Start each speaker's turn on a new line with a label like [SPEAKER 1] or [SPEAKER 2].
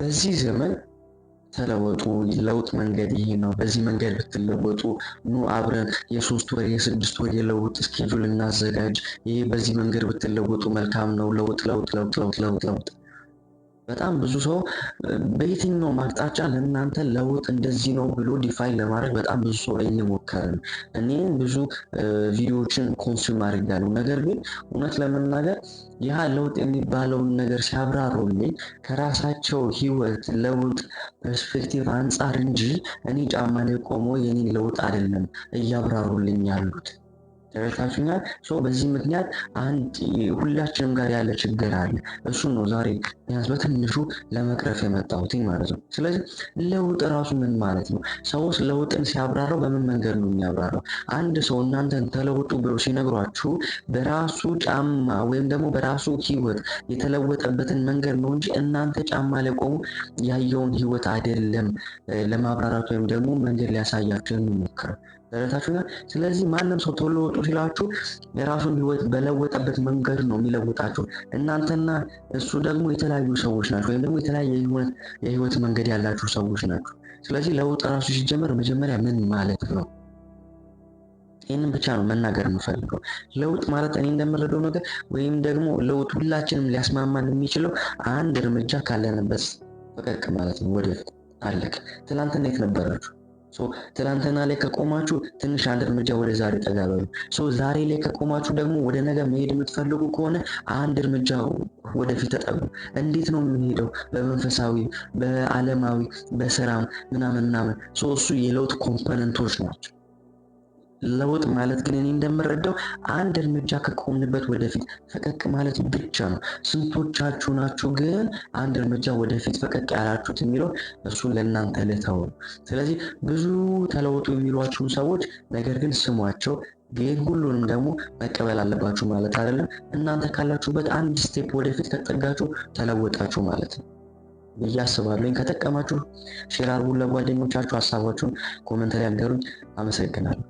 [SPEAKER 1] በዚህ ዘመን ተለወጡ። ለውጥ መንገድ ይሄ ነው። በዚህ መንገድ ብትለወጡ ኑ አብረን የሶስት ወር የስድስት ወር የለውጥ እስኬጁል እናዘጋጅ። ይሄ በዚህ መንገድ ብትለወጡ መልካም ነው። ለውጥ ለውጥ ለውጥ ለውጥ ለውጥ በጣም ብዙ ሰው በየትኛው ማቅጣጫ ለእናንተ ለውጥ እንደዚህ ነው ብሎ ዲፋይን ለማድረግ በጣም ብዙ ሰው እየሞከረ ነው። እኔም ብዙ ቪዲዮዎችን ኮንሱም አድርጋለሁ። ነገር ግን እውነት ለመናገር ይህ ለውጥ የሚባለውን ነገር ሲያብራሩልኝ ከራሳቸው ህይወት ለውጥ ፐርስፔክቲቭ አንጻር እንጂ እኔ ጫማ ላይ ቆሞ የኔን ለውጥ አይደለም እያብራሩልኝ ያሉት። ተረታችሁኛል። በዚህ ምክንያት አንድ ሁላችንም ጋር ያለ ችግር አለ። እሱን ነው ዛሬ ቢያንስ በትንሹ ለመቅረፍ የመጣሁትኝ ማለት ነው። ስለዚህ ለውጥ ራሱ ምን ማለት ነው? ሰዎች ለውጥን ሲያብራራው በምን መንገድ ነው የሚያብራራው? አንድ ሰው እናንተን ተለውጡ ብሎ ሲነግሯችሁ በራሱ ጫማ ወይም ደግሞ በራሱ ህይወት የተለወጠበትን መንገድ ነው እንጂ እናንተ ጫማ ላይ ቆሙ ያየውን ህይወት አይደለም ለማብራራት ወይም ደግሞ መንገድ ሊያሳያቸው የሚሞክረው ደረሳችሁ ይሆናል። ስለዚህ ማንም ሰው ቶሎ ወጡ ሲላችሁ የራሱን ህይወት በለወጠበት መንገድ ነው የሚለውጣችሁ። እናንተና እሱ ደግሞ የተለያዩ ሰዎች ናቸው፣ ወይም ደግሞ የተለያየ የህይወት መንገድ ያላችሁ ሰዎች ናቸው። ስለዚህ ለውጥ ራሱ ሲጀመር መጀመሪያ ምን ማለት ነው? ይህንን ብቻ ነው መናገር የምፈልገው። ለውጥ ማለት እኔ እንደምረደው ነገር ወይም ደግሞ ለውጥ ሁላችንም ሊያስማማን የሚችለው አንድ እርምጃ ካለንበት ፈቀቅ ማለት ነው። ወደፊት አለቅ። ትናንትና የት ነበራችሁ? ትናንትና ላይ ከቆማችሁ ትንሽ አንድ እርምጃ ወደ ዛሬ ጠጋ በሉ። ዛሬ ላይ ከቆማችሁ ደግሞ ወደ ነገ መሄድ የምትፈልጉ ከሆነ አንድ እርምጃ ወደፊት ተጠጉ። እንዴት ነው የምንሄደው? በመንፈሳዊ፣ በዓለማዊ፣ በስራም ምናምን ምናምን። እሱ የለውጥ ኮምፖነንቶች ናቸው። ለውጥ ማለት ግን እኔ እንደምረዳው አንድ እርምጃ ከቆምንበት ወደፊት ፈቀቅ ማለት ብቻ ነው። ስንቶቻችሁ ናችሁ ግን አንድ እርምጃ ወደፊት ፈቀቅ ያላችሁት የሚለው እሱን ለእናንተ ልተው። ስለዚህ ብዙ ተለውጡ የሚሏችሁን ሰዎች ነገር ግን ስሟቸው፣ ግን ሁሉንም ደግሞ መቀበል አለባችሁ ማለት አይደለም። እናንተ ካላችሁበት አንድ ስቴፕ ወደፊት ከጠጋችሁ ተለወጣችሁ ማለት ነው ብዬ አስባለሁ። ከተጠቀማችሁ ሼር ለጓደኞቻችሁ። ሀሳባችሁን ኮመንት ላይ ያገሩኝ። አመሰግናለሁ።